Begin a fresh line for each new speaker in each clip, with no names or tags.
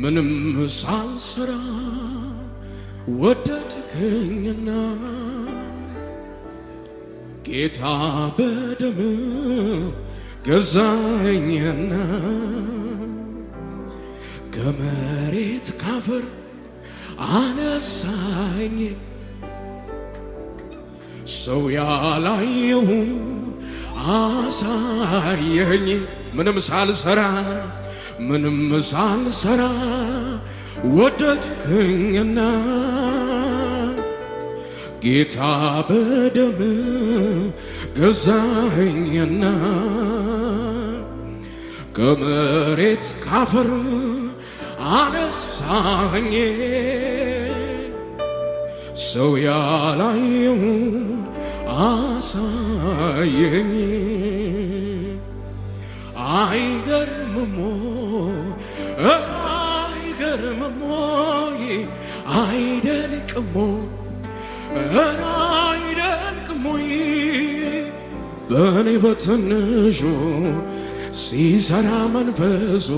ምንም ሳልሰራ ወደድከኝና ጌታ በደም ገዛኝና ከመሬት ካፈር አነሳኝ ሰው ያላየውን አሳየኝ ምንም ሳልሰራ ምንም ሳልሰራ ወደድክኝና ጌታ በደም ገዛኸኝና ከመሬት ካፈር አነሳኸኝ ሰው ያላየውን አሳየኝ አይገር አይገርምም አይገርምም አይደንቅም አይደንቅም በእኔ በትንሹ ሲሰራ መንፈሱ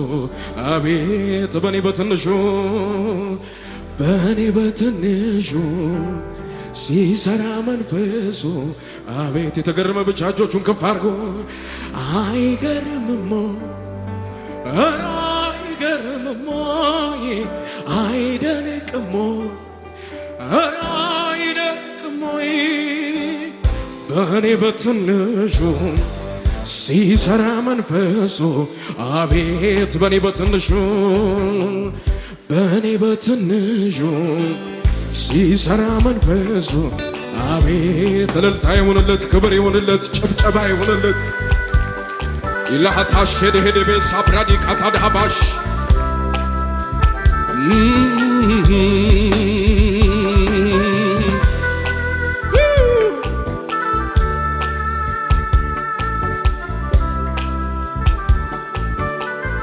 አቤት በእኔ በትንሹ በእኔ በትንሹ ሲሰራ መንፈሱ አቤት የተገረመ ብቻ እጆቹን ከፍ አድርጎ አይገርምም ኧረ አይገርምም ወይ አይደንቅም ወይ ኧረ አይደንቅም ወይ በእኔ በትንሹ ሲሰራ መንፈሱ አቤት በእኔ በትንሹ በእኔ በትንሹ ሲሰራ መንፈሱ አቤት እልልታ ይሁንለት፣ ክብር ይሁንለት፣ ጭብጨባ ይሁንለት። ይላሃታሸድ ሄድቤ ሳብራዲ ቃታዳሃባሽ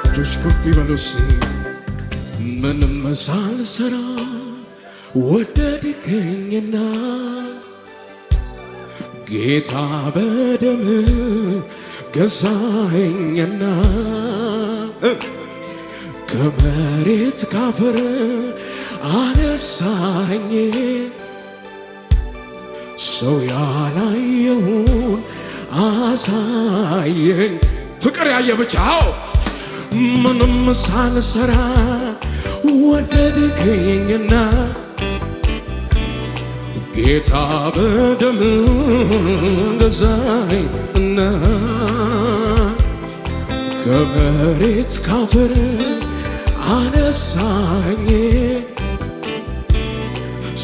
እጆች ከፍ ይበሉስ ምንም ሳልሰራ ወደድከኝና ጌታ በደም ገዛኸኝና ከመሬት ካፈር አነሳኸኝ ሰው ያላየውን አሳየኝ ፍቅር ያየ ብቻ ምንም ሳልሰራ ወደድከኝና ጌታ በደም ገዛኸኝና ከመሬት ካፈር አነሳኝ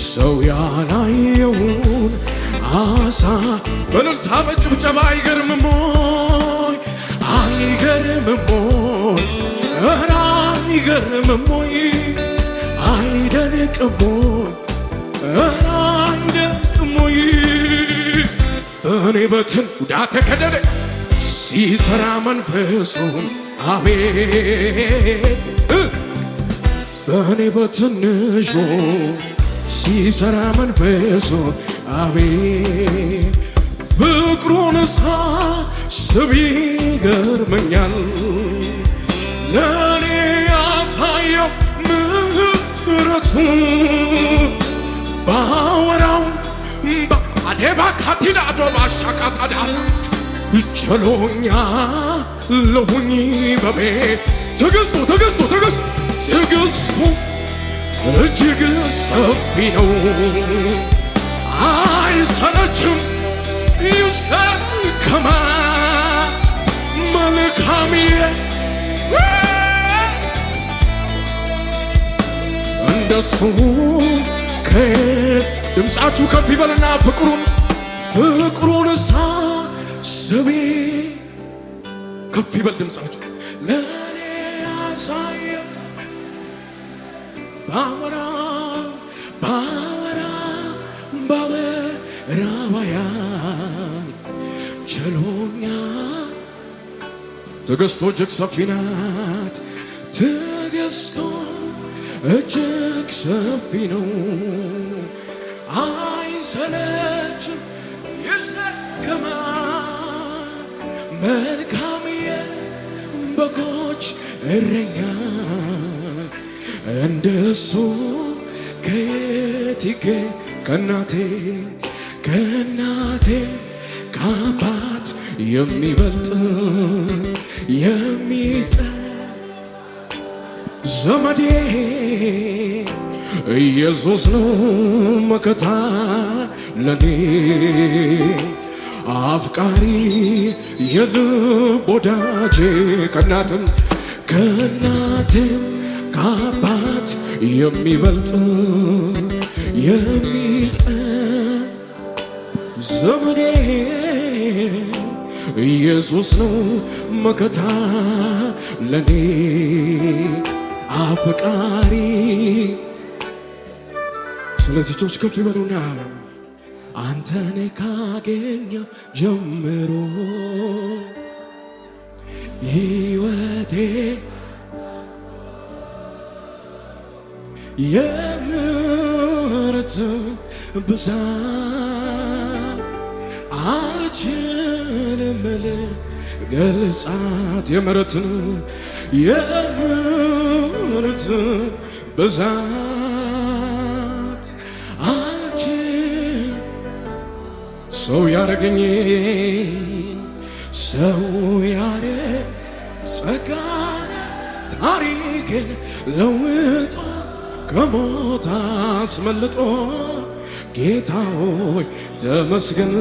ሰው ያላየውን አሳ በሉልታ በጭብጨባ አይገርምም ወይ አይገርምም ወይ ኧረ አይገርምም ወይ አይደንቅም ወይ ኧረ አይደንቅም ወይ እኔ በትን ውዳ ተከደደ ሲሰራ መንፈሱን አቤት በእኔ በትንሹ ሲሰራ መንፈሱን አቤት ፍቅሩን ስብ ይገርመኛል
ለእኔ ያሳየው
ምሕረቱን ባወራው ባዴ ባካቲዳ ዶባሻቃጣዳላ ቸሎኛ ለሁኝ በቤት ትግስቱ ትግስቱ ትግስቱ ትግስቱ እጅግ ሰፊ ነው፣ አይሰለችም ይሰከማ መልካምዬ እንደሱ ከ ድምፃችሁ ከፍ ይበልና ፍቅሩን ፍቅሩን ሳ ስሜ ከፍ ይበል ድምፃችሁ ለኔ ያሳየ ባወራ ባወራ ባምዕራባያን ችሎኛ ትዕግስቱ እጅግ ሰፊ ናት። ትዕግስቱ እጅግ ሰፊ ነው። አይሰለችም ይሸከማል መልካም የበጎች እረኛ እንደሱ ከየት ይገኝ? ከናቴ ከናቴ ከአባት የሚበልጥ የሚጠ ዘመዴ ኢየሱስ ነው መከታ ለኔ አፍቃሪ የልብ ወዳጄ ከእናትም ከእናትም ከአባት የሚበልጥ የሚጠ ዘመኔ ኢየሱስ ነው መከታ ለኔ አፍቃሪ ስለዚህ ጆች ከፍ ይበሉና አንተን ካገኘው ጀምሮ ሕይወቴ የምሕረት ብዛት አልችልም ልገልጻት። የምርት የምርት ብዛት ሰው ያርገኝ ሰው ያረ ጸጋን ታሪክን ለውጦ ከሞት አስመልጦ ጌታ ሆይ ተመስገን።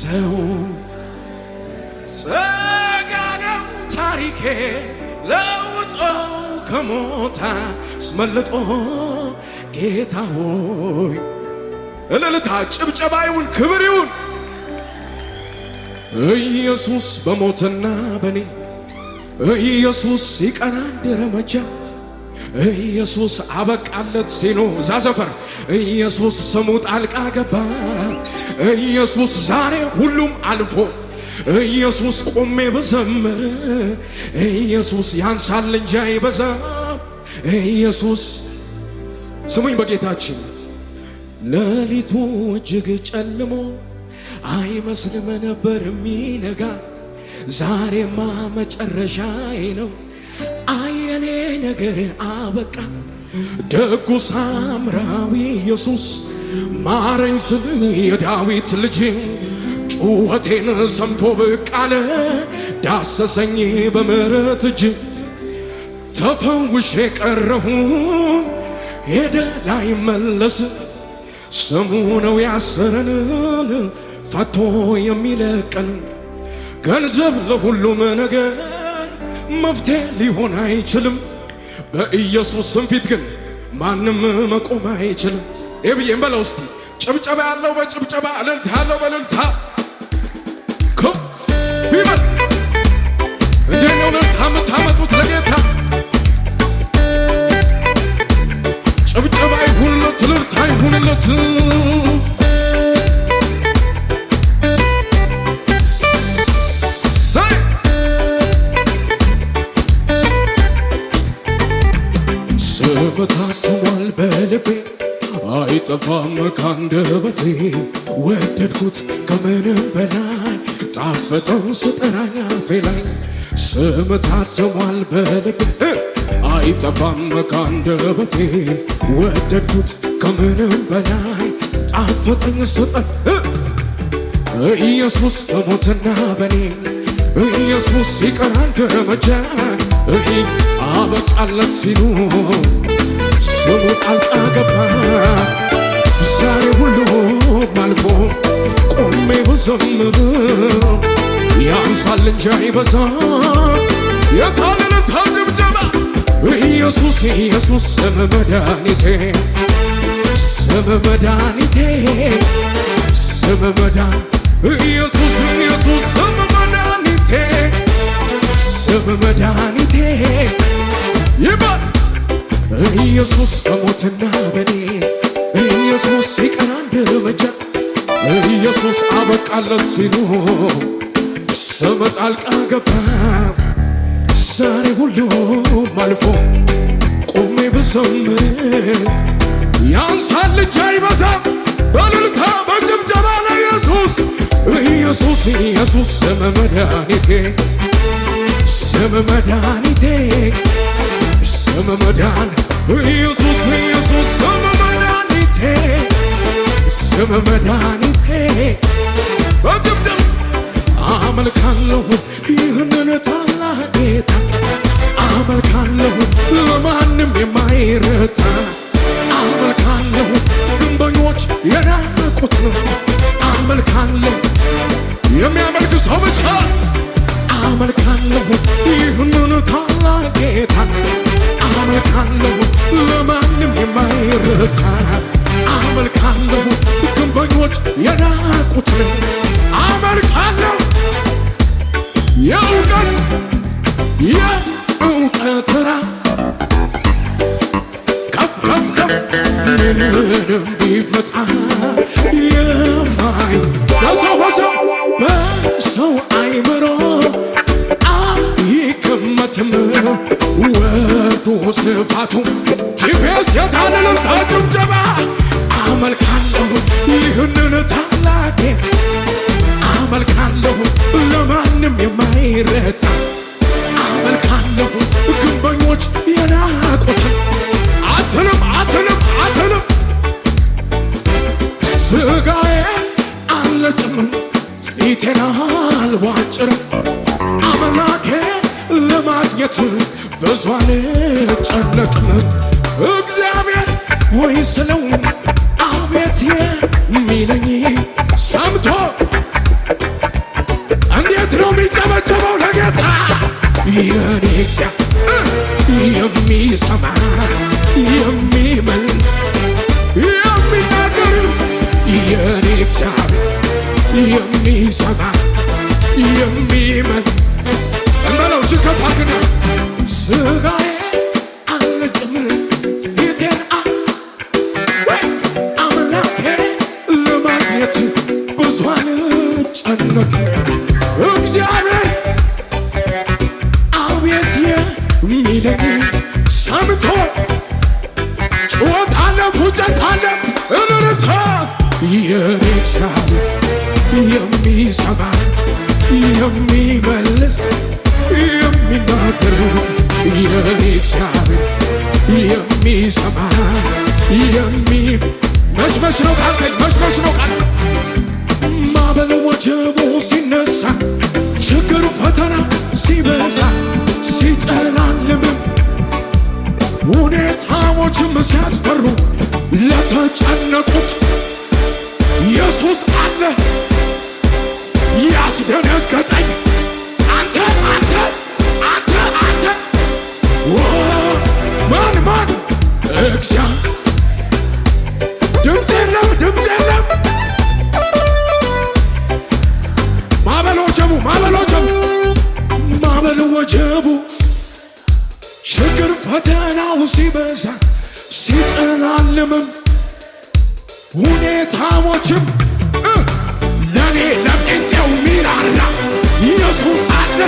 ሰው ጸጋን ታሪክን ለውጦ ከሞታ አስመልጦ ጌታ ሆይ እልልታ፣ ጭብጨባ ይሁን፣ ክብር ይሁን። ኢየሱስ በሞትና በኔ ኢየሱስ ይቀናደረ መቻ ኢየሱስ አበቃለት ሲኖ እዛ ዘፈር ኢየሱስ ስሙ ጣልቃ ገባ። ኢየሱስ ዛሬ ሁሉም አልፎ ኢየሱስ ቆሜ በዘምር ኢየሱስ ያንሳል እንጂ አይበዛም። ኢየሱስ ስሙኝ በጌታችን ሌሊቱ እጅግ ጨልሞ አይመስልም ነበር የሚነጋ። ዛሬማ መጨረሻዬ ነው። አየኔ ነገር አበቃ። ደጉ ሳምራዊ ኢየሱስ ማረኝ ስል የዳዊት ልጅ ጩኸቴን ሰምቶ ብቅ አለ። ዳሰሰኝ በምሕረት እጅ ተፈውሼ ቀረሁ ሄደ ላይ መለስ ስሙ ነው ያሰረን ፈቶ የሚለቀን ገንዘብ ለሁሉም ነገር መፍትሄ ሊሆን አይችልም። በኢየሱስ ስም ፊት ግን ማንም መቆም አይችልም። ይህ ብዬም በለው እስቲ ጭብጨባ ያለው በጭብጨባ እልልታ ያለው በእልልታ ከፍ ይበል። እንዴት ነው እልልታ የምታመጡት ለጌታ ጥበብ አይሁንለት፣ ልርት አይሁንለት ተበታትኗል በልቤ አይጠፋም ካንደበቴ ወደድኩት ከምንም በላይ ጣፈጠው ስጠራኝ አፌ ላይ ስም ታትሟል በልቤ አይጠፋም ከአንደበቴ ወደድኩት ከምንም በላይ ጣፈጠኝ ስጠን ኢየሱስ በሞትና በኔ ኢየሱስ ይቀር አንድ እርምጃ አበቃለት ሲሉ ስሙ ጣልቃ ገባ። ዛሬ ሁሉም አልፎ ቆሜ ብዘምር ያንሳል እንጂ አይበዛም። የታለለ ታጅብጀባ ኢየሱስ ኢየሱስ ስም መድኃኒቴ ስም መድኃኒቴ ስም ኢየሱስ ኢየሱስ ስም መድኃኒቴ ስም መድኃኒቴ ይባል ኢየሱስ በሞትና በኔ ኢየሱስ ሲቀር አንድ እርምጃ ኢየሱስ አበቃለት ሲሉ ስም ጣልቃ ገባ ዛሬ ሁሉም አልፎ ቆሜ ብዘምር ያንሳል እጅ አይበዛም በልልታ በጭብጨባ ለኢየሱስ ኢየሱስ ኢየሱስ ስም መድኃኒቴ ስም መድኃኒቴ ስም መዳን ኢየሱስ ኢየሱስ ስም መድኃኒቴ ስም መድኃኒቴ በጭብጨባ አመልካለሁ ይህንን ታም አመልካለሁ ለማንም የማይረታ አመልካለሁ ግንበኞች የናቁት አመልካለሁ የሚያመልክ ሰው ብቻ አመልካለሁ ይህንን ታላቅ ጌታ አመልካለሁ ለማንም የማይረታ አመልካለሁ ግንበኞች የናቁት አመልካለሁ የእውቀት እውቀትራ ከፍ ከፍ ከፍ ምንም ስፋቱ ጂፒኤስ የታንንም ተጭብጨባ አመልካለሁ ይህንን ታላቅ አመልካለሁ ለማንም የማይረታ መልካለሁ ግንበኞች የናቁትን አትልም አትልም አትልም ስጋዬ አለጭም ፊቴን አልቧጭርም አምላኬ ለማግኘት ብዙ አልጨነቅም እግዚአብሔር ወይ ስለው አቤት የሚለኝ ሰምቶ እንዴት ነው የሚጨበጨበው ለጌታ 연익사 연미삼아 연미만 연미나그름 연익사 연미삼아 연미만 나라 우주가 바뀌는 스가의 알려지는 이젠 아 아무나게 음악이었지 고소하는 천국 እ ግ ዚ አ የለኝ ሰምቶ ጩኸት አለ ፉጨት አለ እንርታ የሬሳ የሚሰማ የሚመልስ የሚናገር የሬሳ የሚሰማ የሚ መሽመሽ ነው ካልከኝ መሽመሽ ነው ካል ማዕበል ወጀቡ ሲነሳ ችግሩ ፈተና ሲበዛ አልጨላለምም። ሁኔታዎችም ሲያስፈሩ ለተጨነቁት ኢየሱስ አለ። ያስደነገጠኝ አንተ አንተ አንተ አንተ ማን ማን እግዚአብሔር ፈተናው ሲበዛ ሲጨላልምም ሁኔታዎችም ለኔ ለጴንጤው ሚራራ ኢየሱስ አለ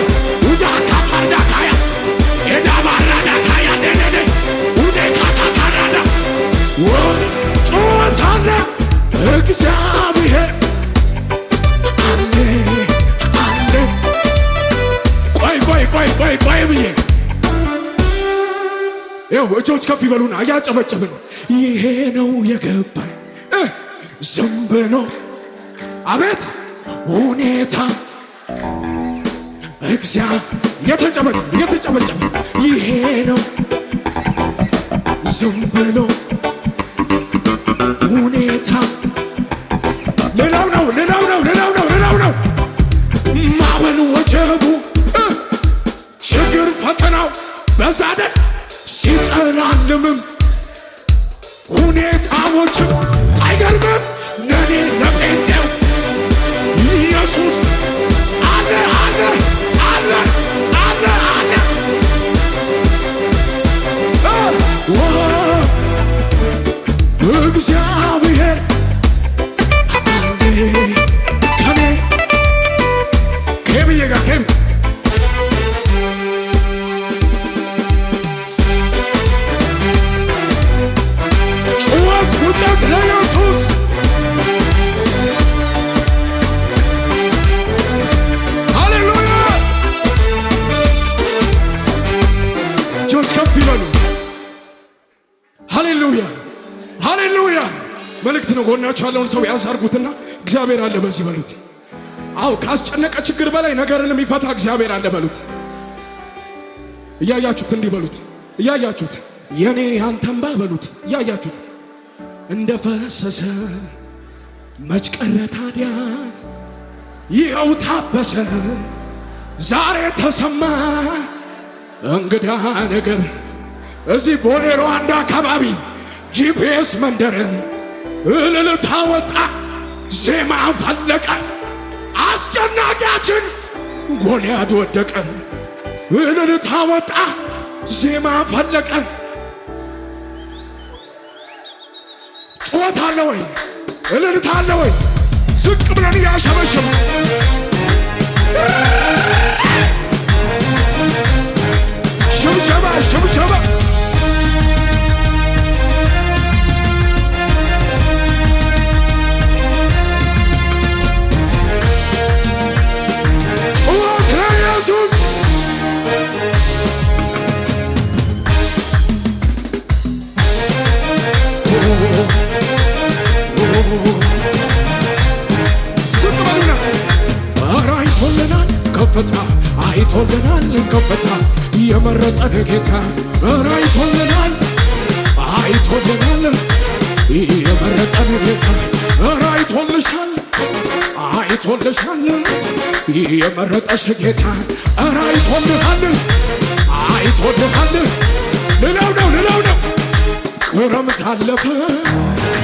ውዳታ ካርዳታያ የዳባራዳታያ ደደደ ሁኔታታካራዳ እግዚአብሔር ይኸው እጆች ከፍ ይበሉና እያጨበጨብን ይሄ ነው የገባኝ ዝም ብሎ አቤት ሁኔታ እግዚያ የተጨበጨ የተጨበጨበ ይሄ ነው ዝም ብሎ ሁኔታ ሌላው ነው ሌላው ነው ሌላው ነው ሌላው ነው ማመን ወጀቡ ችግር ፈተናው በዛ አይደል ሲጨላለምም ሁኔታዎችም ሃሌሉያ መልእክት ነው። ጎናችሁ ያለውን ሰው ያዝ አርጉትና እግዚአብሔር አለ በዚህ በሉት። አው ካስጨነቀ ችግር በላይ ነገርን የሚፈታ እግዚአብሔር አለ በሉት። እያያችሁት እንዲህ በሉት። እያያችሁት የኔ ያንተንባ በሉት። እያያችሁት እንደ ፈሰሰ መች ቀረ ታዲያ ይኸው ታበሰ ዛሬ ተሰማ እንግዳ ነገር እዚህ ቦሌ ሩዋንዳ አካባቢ ጂፒኤስ መንደርን! እልልታ ወጣ፣ ዜማ ፈለቀ። አስጨናቂያችን ጎልያድ ወደቀ። እልልታ ወጣ፣ ዜማ ፈለቀ። ጩኸት አለ ወይ? እልልታ አለ ወይ? ዝቅ ብለን እያሸበሸብ ሽብሸባ ሽብሸባ አይቶልናል ከፍታ አይቶልናል ከፍታ የመረጠን ጌታ አይቶልናል አይቶልናል የመረጠን ጌታ አይቶልሻል አይቶልሻል የመረጠሽ ጌታ አይቶልሃል አይቶልሃል ሌላው ነው ሌላው ነው ጎረምት አለፈ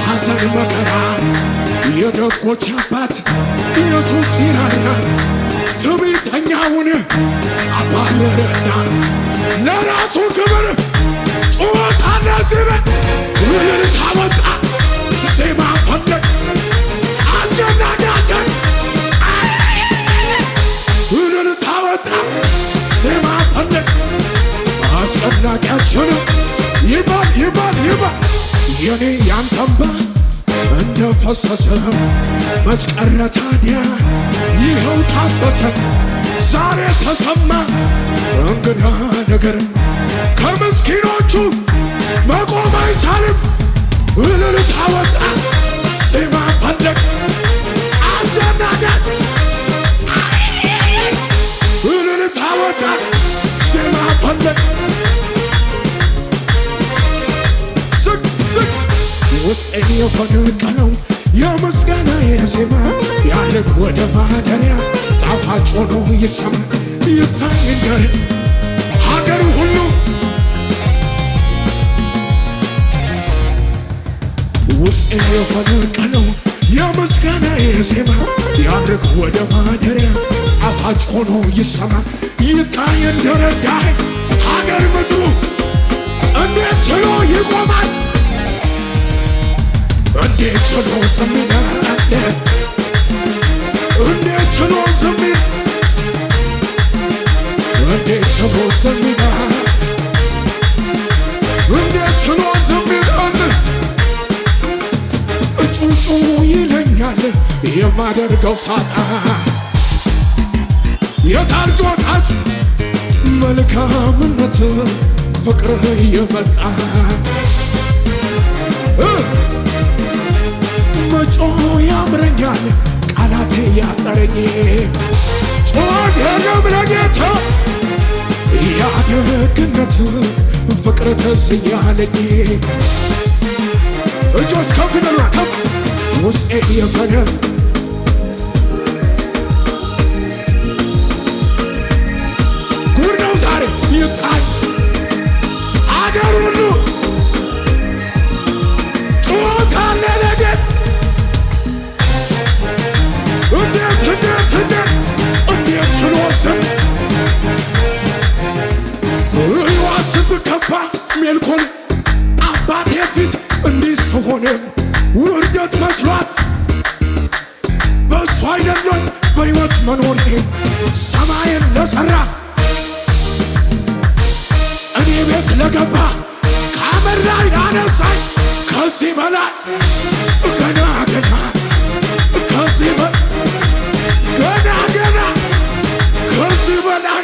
ሐዘን መከራ የደጎች አባት ኢየሱስ ሲራራ ትዕቢተኛውን አባረረና ለራሱ ክብር ጩኸት አለ ዚበን ውልልታ ወጣ ዜማ ፈለግ አስደናጋችን ውልልታ ወጣ ዜማ ፈለግ አስጨናቂያችን የኔ ያንተንባ እንደ ፈሰሰ መች ቀረ ታዲያ ይኸው ታበሰ ዛሬ ተሰማ እንግዳ ነገር ከምስኪኖቹ መቆም አይቻልም። እልልታ ወጣ ዜማ ፈለግ አስጀናደ እልልታ ወጣ ዜማ ፈለግ ውስጤ የፈነቀለው የምስጋና የዜማ ያለን ወደ ማደሪያ ጣፋጭ ሆኖ ይሰማ ይታይ እንደር ሁሉ ውስጤ የፈነቀለው የምስጋና የዜማ ያድርግ ወደ ማደሪያ ጣፋጭ ሆኖ ይሰማ ይታይ እንደረዳህ ሀገር ምድሩ እንዴት ችሎ ይቆማል? እንዴት ችሎ ዝም ይላል? እንዴት ችሎ ዝም ይላል? እንዴት ችሎ ዝም ይላል? እንዴት ችሎ ዝም ይላል? እጩጩ ይለኛል የማደርገው ሳጣ የታርጆታት መልካምነት ፍቅር እየመጣ መጮ ያምረኛል ቃላቴ ያጠረኝ ጮት የለም ለጌታ ያደግነት ፍቅር ደስ እያለኝ እጆች ከፍ በሉ ከፍ ውስጤ የፈነ ጉድ ነው ዛሬ ይጣል አገሩ ሜልኮል አባቴ ፊት እንዲህ ስሆን ውርደት መስሏት በእሱ አይደለም በሕይወት መኖር ሰማይን ለሠራ እኔ ቤት ለገባ ከአመድ ላይ ላነሳኝ ከዚህ በላይ ገና ገና ከዚህ ገና ገና ከዚህ በላይ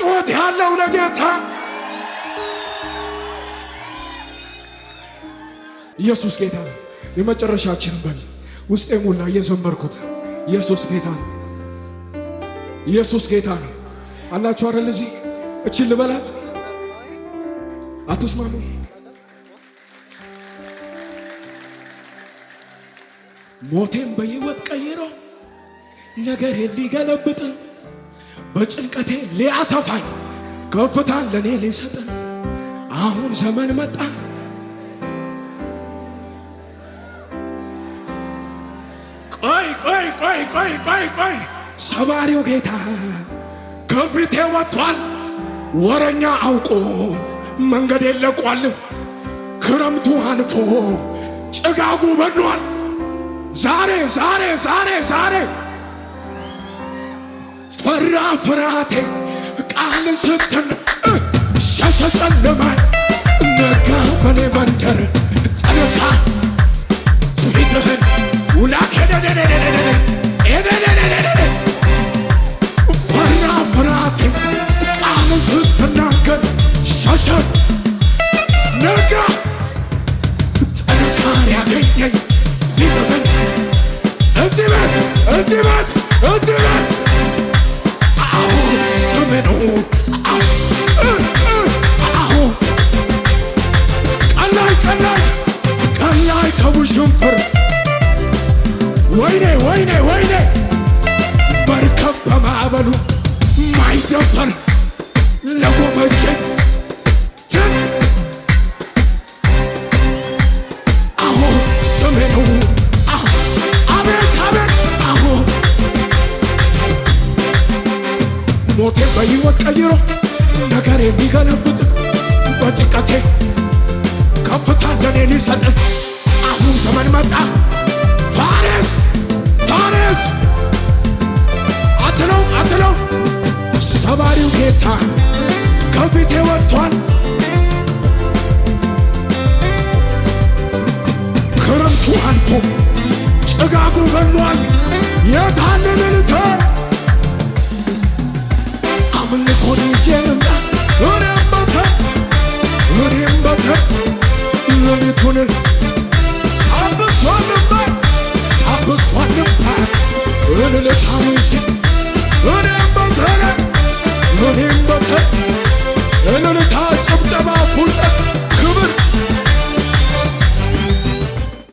ጩኸት ያለው ለጌታ ኢየሱስ ጌታ የመጨረሻችን በል ውስጤ ሙላ እየዘመርኩት ኢየሱስ ጌታ ኢየሱስ ጌታ ነው አላችሁ አይደል? እዚህ እችን ልበላት አትስማሙ? ሞቴን በሕይወት ቀይሮ ነገር ሊገለብጥ በጭንቀቴ ሊያሰፋኝ ከፍታን ለእኔ ሊሰጠን አሁን ዘመን መጣ። ቆይ ቆይ ቆይ ቆይ ቆይ ቆይ ሰባሪው ጌታ ከፊቴ ወጥቷል። ወረኛ አውቆ መንገድ የለቋል። ክረምቱ አንፎ ጭጋጉ በሏል። ዛሬ ዛሬ ዛሬ ዛሬ ፈራ ፍርሃቴ ቃል ስትን ሸተጨለማል ነጋ በኔ መንደር ጠረካ ፊትህን ውላክ ፈራ ፍርሃቴ ቃል ስትናገር ሸሸን ነጋ ጥንካሬ ያገኘኝ ፊትህን እዚህ ቤት እዚህ ቤት